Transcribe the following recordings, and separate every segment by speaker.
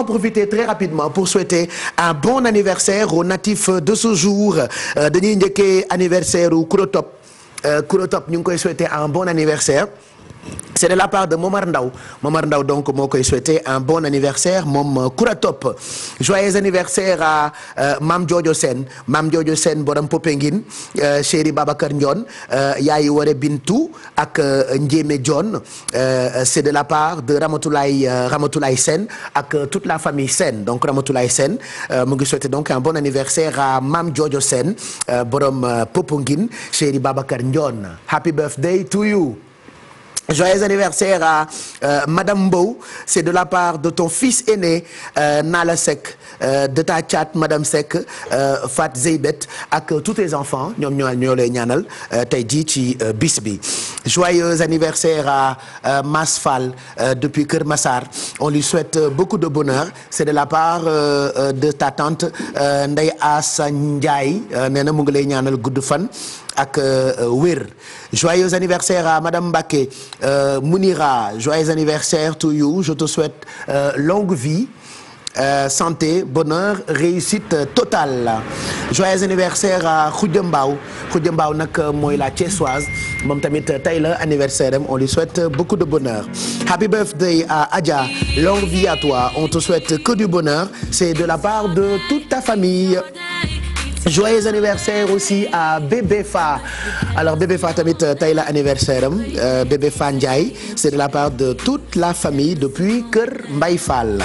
Speaker 1: en profiter très rapidement pour souhaiter un bon anniversaire aux natifs de ce jour euh, dañuy njëkkee anniversaire u Kurotop euh, Kurotop ñu ngi koy souhaiter un bon anniversaire C'est de la part de Momar Ndaw Momar Ndaw donc moo koy souhaiter un bon anniversaire moom euh, Koura Top joyeux anniversaire à euh, Mam Jojo Sen Mam Jojo Sen borom Popengin euh, chéri Babacar Ndion euh, Yaay Ware Bintu ak euh, Ndiémé John euh, c'est de la part de Ramatoulaye Ramatoulaye Sen ak toute la famille Sen donc Ramatoulaye Sen mu ngi souhaiter donc un bon anniversaire à Mam Jojo Sen borom Popengin chéri Babacar Ndion happy birthday to you joyeux anniversaire à euh, madame Mbow c'est de la part de ton fils aîné euh, Nala Seck euh, de ta tchate madame Seck euh, Fat Zeybet ak tous tes enfants ñoom ñoo ñoo lay ñaanal euh, tey jii ci euh, bis bi joyeux anniversaire à Mas Fall depuis Kër Massar on lui souhaite beaucoup de bonheur c'est de la part de ta tante Ndeye Assa Ndiaye nee na mu ngi lay ñaanal gudd fan ak euh, euh, wér joyeux anniversaire à madame Mbacké euh, Mounira joyeux anniversaire to you je te souhaite longue vie Euh, santé bonheur réussite euh, totale anniversaire à Khoudia Mbaw Khoudia Mbaw nag mooy la Thiessoise moom tamit tey la anniversaire on lui souhaite beaucoup de bonheur happy birthday à Adja longue vie à toi on te souhaite que du bonheur c'est de la part de toute ta famille joyeux anniversaire aussi à Bébé alors Bébé Fa tamit euh, tey la anniversaire am euh, Bébé Fa Ndiaye c'est de la part de toute la famille depuis Kër Mbaye Fall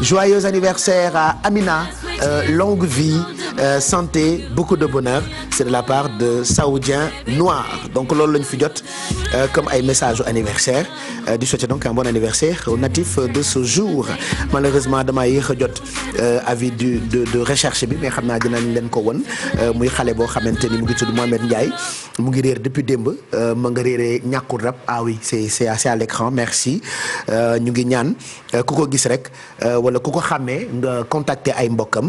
Speaker 1: joyeux anniversaire à Amina euh, longue vie euh, santé beaucoup de bonheur c'est de la part de saoudien noir donc loolu lañu fi jot euh, comme ay message anniversaire euh, di souhaiter donc un bon anniversaire aux natifs de ce jour malheureusement dama yéex a jot euh, avis du de de bi mais xam naa dinañ leen ko won muy xale boo xamante ni mu ngi tudd Mohamed Ndiaye mu ngi réer depuis démb ma nga réeree ñàkkul rap ah oui c'est c'est à l'écran merci ñu ngi ñaan ku ko gis rek wala ku ko xàmmee nga contacter ay mbokkam